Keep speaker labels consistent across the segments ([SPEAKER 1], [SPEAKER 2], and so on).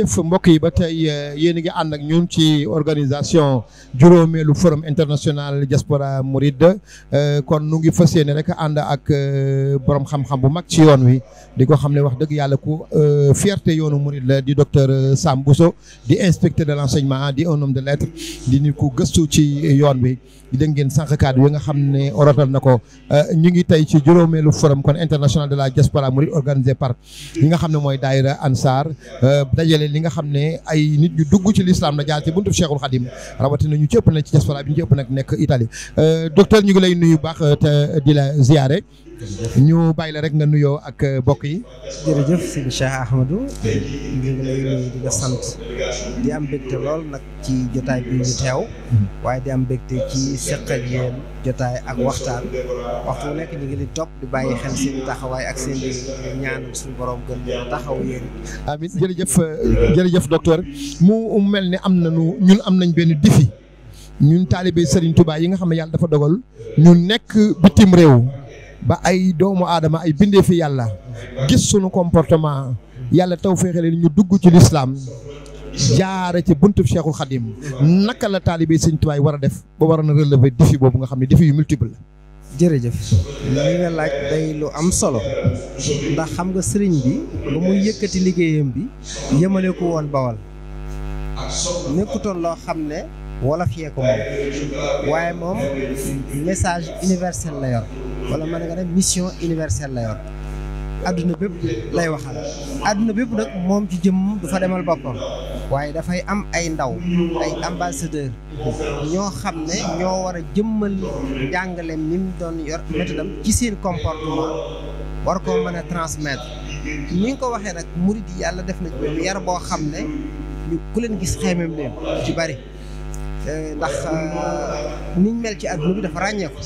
[SPEAKER 1] jërëjëf mbokk yi ba tey euh, yéen a ngi ànd ak ñun ci organisation juróomeelu forum international diaspora mouride euh, kon nu ngi fa yéene rek ànd ak euh, borom xam-xam bu mag ci yoon wi. di ko xam ne wax dëgg yàlla ku euh, fierté yoonu murid la di docteur euh, Sam Bousso di inspecteur de l'enseignement di un homme de lettres di nit ku gëstu ci yoon bi dégg ngeen sànq kàddu yi nga xam ne oratal na ko euh, ñu ngi tey ci juróomeelu forum kon international de la diaspora mouride organisé par li nga xam ne mooy daayira Ansar dajale li nga xam ne ay nit ñu dugg ci l'islam la jaar ci buntu Cheikhul Khadim rawatina ñu ci ëpp na ci diaspora bi ñu ci ëpp nag nekk Italie docteur ñu ngi lay nuyu baax te di la ziyaare ñu bàyyi la rek nga nuyoo ak euh, bokk yi. jërëjëf sëñ Cheikh Ahmadou. ñu nga sant
[SPEAKER 2] di am mbégte lool nag ci jotaay bi ñu teew. Hmm. waaye di am mbégte ci seq ak yéen jotaay ak waxtaan waxtu nekk ñu ngi di bàyyi xel seen taxawaay ak seen ñaanal suñu
[SPEAKER 1] euh, mu mel ne am nañu ñun am nañ benn défi ñun taalibe Serigne tubaay yi nga xam ne yàlla dafa dogal ñu nekk bitim réew. ba ay doomu aadama ay bindee fi yàlla gis sunu comportement yàlla taw féexe leen ñu dugg ci lislaam jaare ci buntu Cheikhul Khadim naka la taalibe Sëñ Tuubaa war a def ba war a na ba défi boobu nga xam ne défi yu multiple la jërëjëf
[SPEAKER 2] li nga laaj day lu am solo ndax xam nga sëriñ bi ba muy yëkkati liggéeyam bi yemale ko woon bawal nekkutoon loo xam ne wolof yee ko moom waaye moom message universel la yor wala mën nga ne mission universelle la yor adduna bépp lay waxal adduna bépp nag moom ci jëmm du fa demal boppam waaye dafay am ay ndaw ay ambassadeur ñoo xam ne ñoo war a jëmmal njàngaleem ni mu doon yor métadam ci seen comportement war koo mën a transmettre ni nga ko waxee nag murid yi yàlla def na yar boo xam ne ñu ku leen gis xeemem leen ju bari eh, ndax eh, niñ mel ci adduna bi dafa ràññeeku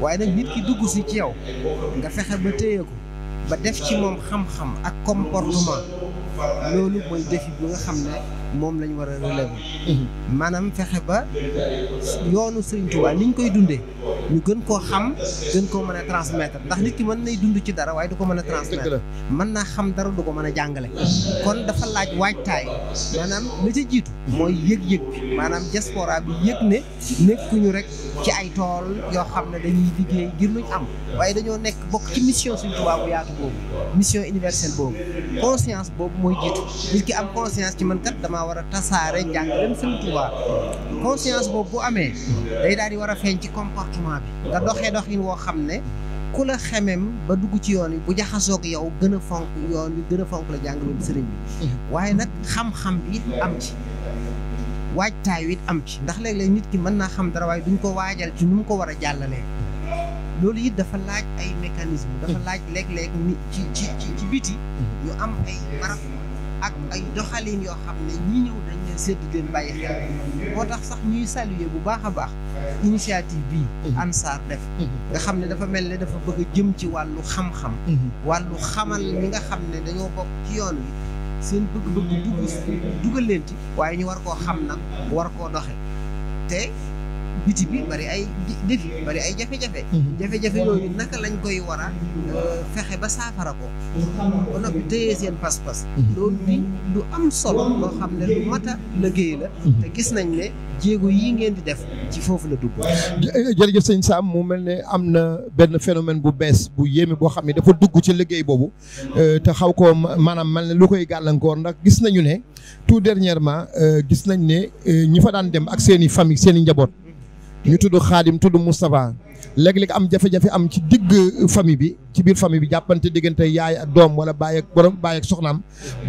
[SPEAKER 2] waaye nag nit ki dugg si ci yow nga fexe ba téye ko ba def ci moom xam-xam ak comportement loolu mooy défi bi nga xam ne moom lañu war a relever mhm. maanaam fexe ba yoonu Sëriñ Tuubaa niñ koy dundee ñu gën koo xam gën koo mën a transmettre ndax nit ki mën nay dund ci dara waaye du ko mën a eh, transmettre mën naa xam dara du ko mën a jàngale kon dafa laaj waajtaay maanaam la ca jiitu mooy yëg-yëg bi maanaam diaspora bi yëg ne ñu rek ci ay tool yoo xam ne dañuy liggéey ngir luñ am waaye dañoo nekk bokk ci mission suñ tubaab bu yaatu boobu mission universelle boobu conscience boobu mooy jiitu nit ki am conscience ci man kat damaa war a tasaare njàng dem suñ tubaab conscience boobu bu a bi nga doxee doxin woo xam ne ku la xemem ba dugg ci yoon wi bu jaxasoog yow gën a fonk yoon wi gën a fonk la jàngaloon sëriñ mm-hmm. waaye nag xam-xam bi am ci waajtaay wi am ci ndax léeg-léeg nit ki mën naa xam dara waaye duñ ko waajal ci nu mu ko war a jàllalee loolu it dafa laaj ay mécanisme dafa mm-hmm. laaj léeg-léeg ni ci ci ci biti ñu mm-hmm. am ay barab ak ay doxalin yoo xam ne ñi ñëw dañ leen sedd leen bàyyi xel moo tax sax ñuy saluer bu baax a baax initiative bii ANSAR def nga xam ne dafa mel ne dafa bëgg a jëm ci wàllu xam-xam wàllu xamal ñi nga xam ne dañoo bokk ci yoon wi seen bëgg-bëgg dugg dugal waaye ñu war koo xam nag war koo doxe te biti bi bari ay défi bari ay jafe-jafe mhm. jafe-jafe yooyu naka lañ koy war a euh, fexe ba saafara ko ba noppi téye seen pas-pas mhm. loolu di lu am solo loo xam ne lu mat a la mhm. te gis nañ ne jéego yi ngeen di def
[SPEAKER 1] ci foofu la dugg jërëjëf sëñ Sam mu mel ne am na benn phénomène bu bees bu yéeme boo xam ne dafa dugg ci liggéey boobu euh, te xaw ko maanaam mel ne lu koy gàllankoor ndax gis nañu ne tout dernièrement euh, gis nañ ne ñi fa daan dem ak seeni i famille seen njaboot ñu tudd xaadim tudd Moustapha léeg-léeg am jafe-jafe am ci digg famille bi ci biir famille bi jàppante diggante yaay ak doom wala baay ak borom baay ak soxnaam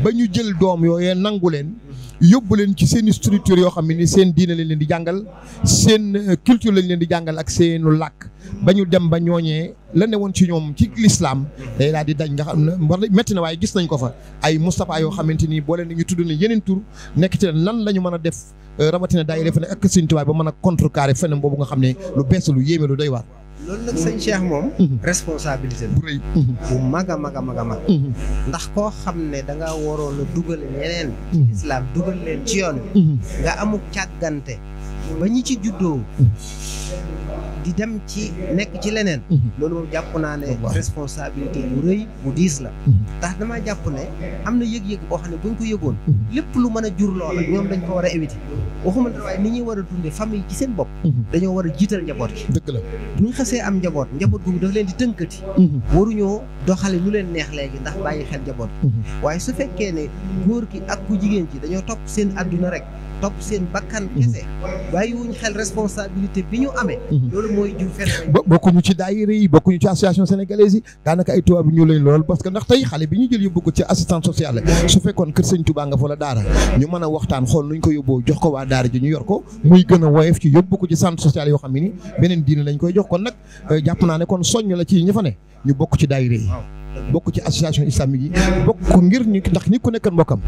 [SPEAKER 1] ba ñu jël doom yooyee nangu leen yóbbu leen ci seen structure yoo xam ne ni seen diine lañ leen di jàngal seen culture lañ leen di jàngal ak seenu làkk ba ñu dem ba ñooñee lan ne woon ci ñoom ci lislaam day daal di dañ nga xam ne war na métti na waaye gis nañ ko fa ay Moustapha yoo xamante ni boole nañu tudd ne yeneen tur nekk ci lan la ñu mën a def euh, rawatina daayira fa ne ak Sëñ ba mën a contrecarrer feneen boobu nga xam ne lu bees lu yéeme lu doy waar.
[SPEAKER 2] loolu moom. Mm-hmm. Mm-hmm. bu rëy mm-hmm. bu mag a mag a mag a mag. ndax koo xam ne da nga waroon a dugal ñeneen. islam dugal leen ci yoon. nga amuk càggante ba ñi ci juddoo. di dem ci nekk ci leneen mhm. loolu moom jàpp naa ne responsabilité bu rëy bu diis la mhm. ndax damaa jàpp ne am na yëg-yëg boo xam ne ñu ko yëgoon mhm. lépp lu mën a jur loola ñoom dañ ko war a éviter waxuma la ni ñuy war a dundee famille ci seen bopp dañoo war a jiital njaboot gi dëgg la bu ñu xasee am njaboot njaboot googu dafa leen di tënkati waru ñoo doxale lu leen neex léegi ndax bàyyi xel njaboot waaye su fekkee ne góor gi ak ku jigéen ci dañoo topp seen adduna rek topp seen bakkan kese mhm. bàyyi wuñ xel responsabilité bi ñu amee mhm. loolu mooy jur phénomène
[SPEAKER 1] bokkuñu ci daayira yi bokkuñu ci association sénégalaise yi daanaka ay tubaab bi ñu lañ lool parce que ndax tey xale bi ñu jël yóbbu ko ci assistance sociale su fekkoon kër sëñ Tuubaa nga fa la daara ñu mën a waxtaan xool nuñ ko yóbboo jox ko waa daara ji ñu yor ko muy gën a woyof ci yóbbu ko ci centre social yoo xam ne ni beneen diine lañ koy jox kon nag euh, jàpp naa ne kon soñ la ci ñi fa ñu bokk ci daayira yi bokk ci association islamique yi bokk ngir ñu ndax ñi ku nekk mbokkam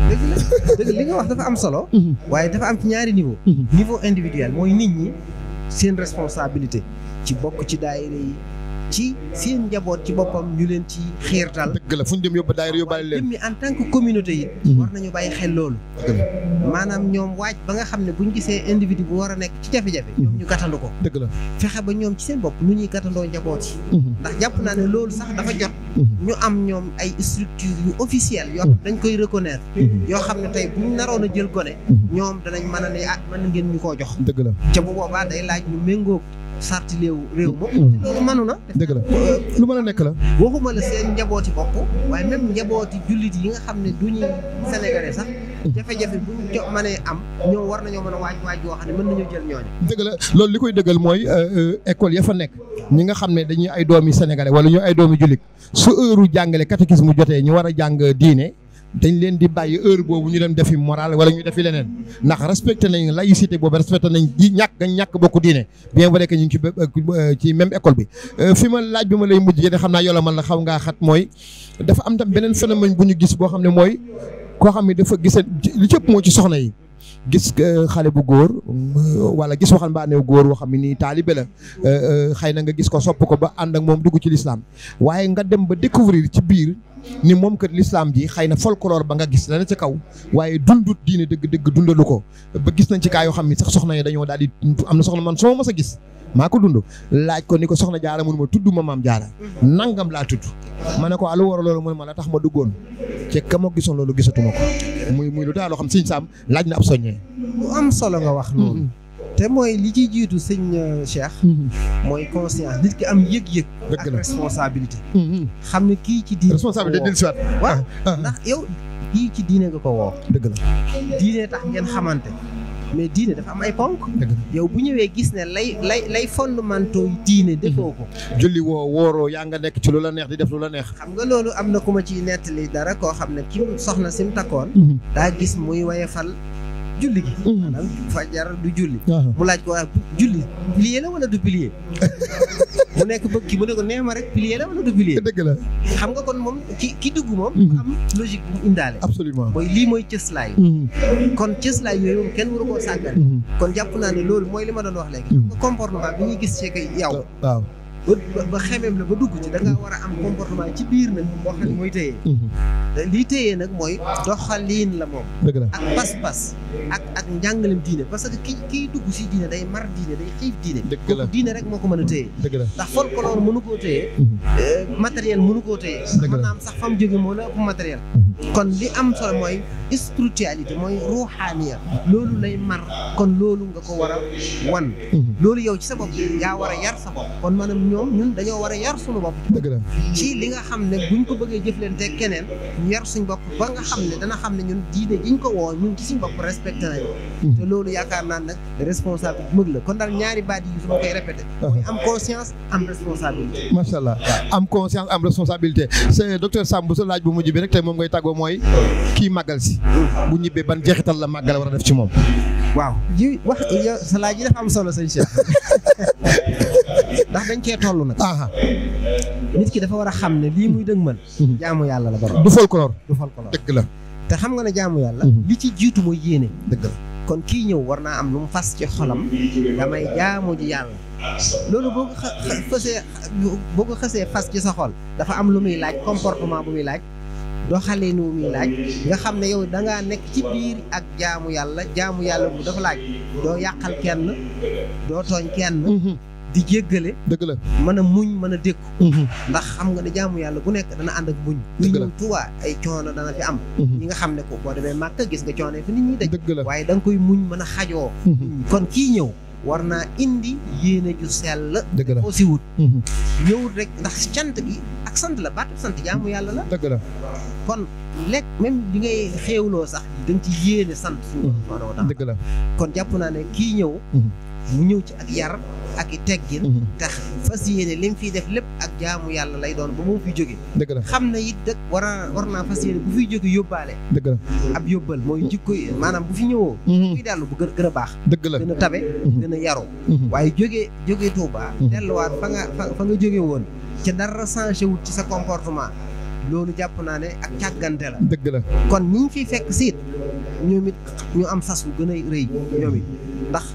[SPEAKER 1] li nga wax dafa am solo mhm. waaye dafa am ci ñaari niveau mhm. niveau individuel mooy nit
[SPEAKER 2] ñi seen responsabilité ci bokk ci daay yi ci seen njaboot
[SPEAKER 1] ci boppam ñu leen ci xiirtal. dëgg la fu ñu dem yóbbu daayira yóbbaale leen mi
[SPEAKER 2] en tant que communauté yi. Mhm. war nañu bàyyi xel loolu. maanaam ñoom waaj ba nga xam ne bu ñu gisee individu bu war a nekk ci jafe-jafe.
[SPEAKER 1] Mhm. ñu gàttandu ko. dëgg la
[SPEAKER 2] fexe ba ñoom ci seen bopp nu ñuy gàttandoo njaboot yi. Mhm. ndax jàpp naa ne loolu sax dafa jot. ñu am ñoom ay structure yu officielles yoo xam dañ koy reconnaître. yoo xam ne tey bu naroon a jël gone. ñoom danañ mën a ne ah mën na ngeen ñu koo jox. dëgg la ca bu boobaa day sarti réew réew ma mm. loolu mënu na dëgg la lu mën a nekk la waxuma la seen njabooti bopp waaye même njabooti jullit yi nga xam ne du ñuy sénégalais sax jafe-jafe bu ma mënee am ñoom war nañoo mën a waaj waaj yoo xam ne mën nañoo jël ñooñu
[SPEAKER 1] dëgg la loolu li koy dëggal mooy euh, euh, école ya fa nekk ñi nga xam ne dañuy ay doomi sénégalais wala ñu ay doomi jullit su heure jàngale catéchisme mu jotee ñu war a jàng diine dañ leen di bàyyi heure boobu ñu dem defi moral wala ñu defi leneen ndax respecté nañ laïcité boobu respecté nañ di ñàkk gañ ñàkk bokku diine bien vrai que ñu ngi ci euh, euh, ci même école bi euh, fi ma laaj bi ma lay mujj yéen xam naa yola man la xaw ngaa xat mooy dafa am tam beneen phénomène bu ñu gis boo xam ne mooy koo xam ne dafa gis li cëpp moo ci soxna yi gis xale bu góor wala gis waxambaane wu góor woo xam ne nii taalibe la xëy na nga gis ko sopp ko ba ànd ak moom dugg ci lislaam waaye nga dem ba découvrir ci biir ni moom kat lislaam ji xëy na folklore ba nga gis dana ca kaw waaye dundut diine dëgg dëgg dundalu ko ba gis nañ ci kaa yoo xam ni sax soxna yi dañoo daal di am na soxna man soo ma sa gis maa ko dund laaj ko ni ko soxna jaara mun ma tudd ma maam jaara nangam laa tudd ma ne ko alu war a loolu mun ma la tax ma duggoon ci ka ma gisoon loolu gisatuma ko muy muy lu daal loo xam sëñ Sam laaj na ab soññee bu am solo nga wax loolu mm-hmm. te li
[SPEAKER 2] ciy jiitu sëñ euh, Cheikh mm-hmm. mooy conscience nit ki am yëg-yëg ak responsabilité mm-hmm. xam ne kii ci diine responsabilité dil siwaat waaw ah, ah. ndax yow kii ci diine nga ko
[SPEAKER 1] woo dëgg la diine tax ngeen xamante
[SPEAKER 2] mais diine dafa am ay ponk. yow bu ñëwee gis ne lay lay lay fondamentaux yi diine defoo ko.
[SPEAKER 1] julli woo wooroo yaa nga nekk ci lu la neex di def lu la neex. xam
[SPEAKER 2] nga loolu am na ku ma ciy nettali dara koo xam ne ki soxna si mu takkoon. Mhm. daa gis muy wayefal julli gi mhm. maanaam fajar du julli mu laaj ko waaye ah, julli pilier la wala du pilier mu nekk bëgg ki mu ne ko nee ma rek pilier la wala du pilier dëgg la xam nga kon moom ki ki dugg moom mhm. am logique bu mu indaale absolument mooy lii mooy cëslaay mhm. kon cëslaay yooyu moom kenn waru koo sàggan kon jàpp naa ne loolu mooy li ma doon wax léegi xam nga comportement bi ñuy gis ci kay yow waaw ba ba xemeem la ba dugg ci da nga war a am comportement ci biir nag boo xam ne mooy mhm. lii téye nag mooy liin la moom. dëgg la ak pas-pas ak ak njàngalem diine parce que kii kii dugg si diine day mar diine day xiif diine. dëgg la diine rek moo ko mën a téye. dëgg la ndax folklore mënu koo téye. Mhm. Euh, matériel mënu koo téye. dëgg la mën naa am sax fa mu jóge moo la ëpp kon li am solo mooy spiritualité mooy ruuxaaniya loolu lay mar kon loolu nga ko war a wan mhm. loolu yow ci sa bopp yaa war a yar sa bopp kon maanaam ñoom ñun dañoo war a yar suñu bopp ci li nga xam ne buñ ko bëggee jëflante keneen ñu yar suñ bopp ba nga xam ne dana xam ne ñun diine ñu ko woo ñun ci suñ bopp respecté nañ mhm. te loolu yaakaar naa nag responsable mëg la kon daal ñaari baa yi su ma koy répété ah. mooy am conscience am responsabilité
[SPEAKER 1] macha allah am conscience am responsabilité c'est docteur moom ngay tàgg Chicago mooy kii màggal si bu ñibbee ban jeexital la màggal war a def ci moom waaw ji wax yow sa laaj yi dafa am solo
[SPEAKER 2] sëñ Cheikh ndax dañ cee toll nag nit ki dafa war a xam ne lii muy dëgmal mhm. jaamu yàlla la borom du folklore du folklore dëgg la te xam nga ne jaamu yàlla mhm. li ci jiitu mooy yéene dëgg la kon kii ñëw war naa am lu mu fas ci xolam damay jaamu ji yàlla loolu boo ko xasee fas ci sa xol dafa am lu muy laaj comportement bu muy laaj doxalee nu muy laaj nga xam ne yow dangaa nekk ci biir ak jaamu yàlla jaamu yàlla bu dafa laaj doo yàqal kenn doo tooñ kenn mhm. di jéggale dëgg la mën a muñ mën a dékku mhm. ndax xam nga ne jaamu yàlla bu nekk dana ànd ak muñ ñu ñëw Tuubaa ay coono dana fi am mhm. ñi nga xam ne ko boo demee Màkka gis nga coono fi nit ñi daj waaye danga koy muñ mën a xajoo kon kii ñëw war naa indi yéene ju sell. dëgg la aussi wut. Mhm. ñëwut rek ndax cant gi ak sant la baatu sant jaamu yàlla la. dëgg la kon lekk même li ngay loo sax da nga ci yéene sant. suñu mhm. dëgg la kon jàpp naa ne kii ñëw. Mhm. mu ñëw ci ak yar. ak i teggin mhm. tax fas yéene lim fiy def lépp ak jaamu yàlla lay doon ba mu fi jóge dëgg la xam na it dëkk war a war naa fas yéene bu fiy jóge yóbbaale dëgg la ab yóbbal mooy jikko maanaam bu fi ñëwoo mhm. bu fi dellu bu gën a baax dëgg la gën a tabe mhm. gën waaye jógee jógee Touba delluwaat fa nga fa nga jóge woon ca dara changé wut ci sa comportement loolu jàpp naa ne ak càggante la dëgg la kon ñi ñu fiy fekk siit ñoom it ñu am sas bu gën a rëy ñoom ndax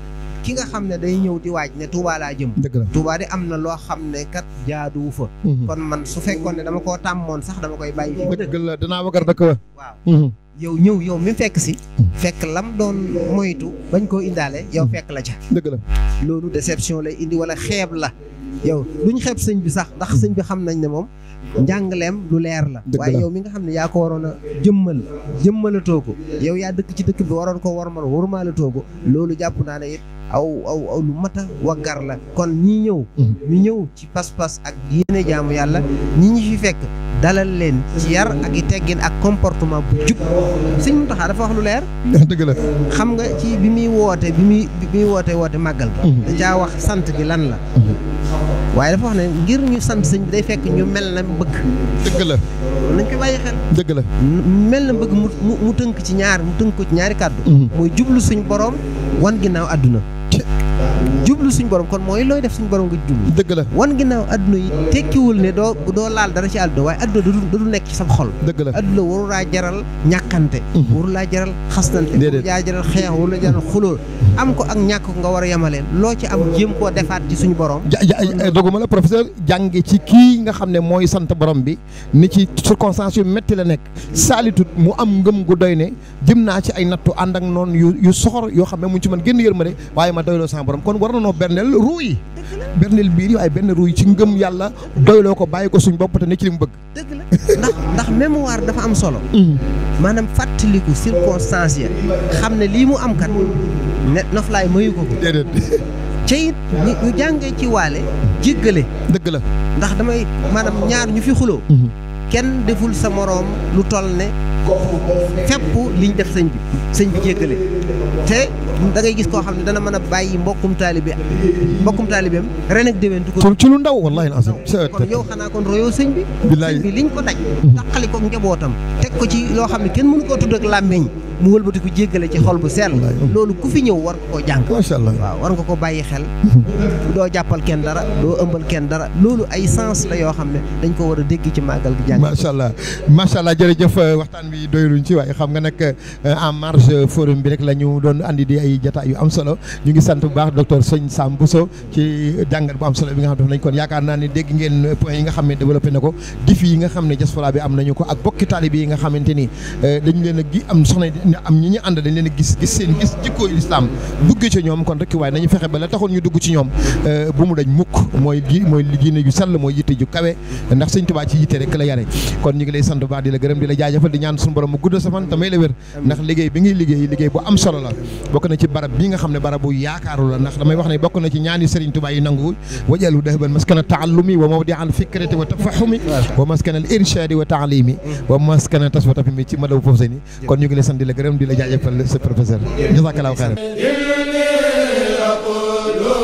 [SPEAKER 2] ki nga xam ne day ñëw di waaj ne Touba laa jëm Touba di am na loo xam ne kat jaaduwu fa mhm. kon man su fekkoon ne dama koo tàmmoon sax dama koy bàyyi dëgg la danaa wagar dëkk la waaw mhm. yow ñëw yow mu fekk si mhm. fekk lam doon moytu bañ koo indaale yow fekk la ca dëgg la loolu déception lay indi wala xeeb la yow duñ xeeb sëñ bi sax ndax sëñ bi xam nañ ne moom njàngaleem lu leer la waaye yow mi nga xam ne yaa ko waroon a jëmmal jëmmalatoo ko yow yaa dëkk ci dëkk bi waroon ko warmal warmalatoo ko loolu jàpp naa ne it aw aw aw lu mat a waggar la kon ñi ñëw mhm. ñu ñëw ci pas-pas ak yéene jaamu yàlla ñi ñi fi fekk dalal leen ci yar ak i teggin ak comportement bu jub sëñ Muntaxa dafa wax lu leer dëgg la xam nga ci bi muy woote bi muy bi muy woote woote màggal mhm. da caa wax sant gi lan la mhm. waaye dafa wax ne ngir ñu sant sëñ bi day fekk ñu mel na bëgg. dëgg la. nañ ko bàyyi xel. dëgg la. mel na bëgg mu mu mu tënk ci ñaar mu tënk ko ci ñaari kàddu. Mhm. mooy jublu suñ borom wan ginnaaw àdduna. jublu suñu borom kon mooy looy def suñ borom nga jublu dëgg la wan ginnaaw adduna yi tekkiwul ne doo doo laal dara ci àdduna waaye adduna du du nekk ci sam xol dëgg la adduna waru laa jaral ñàkkante mhm. waru laa jaral xasnante waru laa jaral xeex waru laa jaral xulóol mhm. am ko ak ñàkk nga war a yemaleen loo ci
[SPEAKER 1] am jéem koo defaat ci suñu borom doguma la professeur jànge ci kii nga xam ne mooy sant borom bi ni ci circonstance yu métti la nekk saalitut mu am ngëm gu doy ne jëm naa ci ay nattu ànd ak noonu yu yu yoo xam ne mu ci mën génn yërmande waaye ma doyloo sama borom war na noo berndeel ruu yi berndeel biir benn ruu ci ngëm yàlla doyloo ko bàyyi ko suñ bopp te ne ci mu bëgg dëgg la ndax ndax mémoire dafa am solo mm. maanaam fàttaliku
[SPEAKER 2] circonstance ya xam ne lii mu am kat ne noflaay mayu ko ko déedéet ca it ñu jàngee ci waale jéggale dëgg la ndax damay maanaam ñaar ñu fi xuloo mm-hmm. kenn deful sa moroom lu toll ne fepp liñ def sëñ bi sëñ bi jéggale te da ngay gis koo xam ne dana mën a bàyyi mbokkum taalibe mbokkum taalibeem ren ak déwén ko ci lu ndaw wallahi azim kon yow xanaa kon royo sëñ bi sëñ bi liñ ko daj mhm. taqali ko njabootam teg ko ci loo xam ne kenn mënu koo tudd ak làmmiñ mu wëlbati ko jéggale ci xol bu sell loolu ku fi ñëw war nga koo jàng macha allah waaw war nga ko bàyyi xel doo jàppal kenn dara doo ëmbal kenn dara loolu ay sens la yoo xam ne dañ ko war a
[SPEAKER 1] dégg ci màggal gi jàng macha allah macha allah jërëjëf waxtaan bi doyluñ ci waaye xam nga nag euh, en marge forum bi rek la ñu doon andi di ay jataay yu am solo ñu ngi sant bu baax docteur Sëñ Sam Bousso ci jàngat bu am solo bi nga xam ne def kon yaakaar naa ne dégg ngeen point yi nga xam ne développé na ko dif yi nga xam ne diaspora bi am nañu ko ak bokki taalibe yi nga xamante ni euh, dañ leen a gi am soxna am ñi ñu ànd dañ ñu ci ñoom euh, bu mu dañ mukk mooy di mooy diine ju sell mooy yitte ju ndax liggéey bi ngay liggéey bu am solo la bokk na ci barab bi nga xam ne barabu yaakaaru la ndax damay wax ne bokk na ci ñaani sëriñ Tuubaa yi nangu wajalu dahban maskana taallumi wa mawdi'al fikrati wa tafahumi wa maskana al irshadi mi ci madaw foofu seni kon ñu ngi lay sant di la gërëm di la jaajëfal sa professeur jazakallahu xayran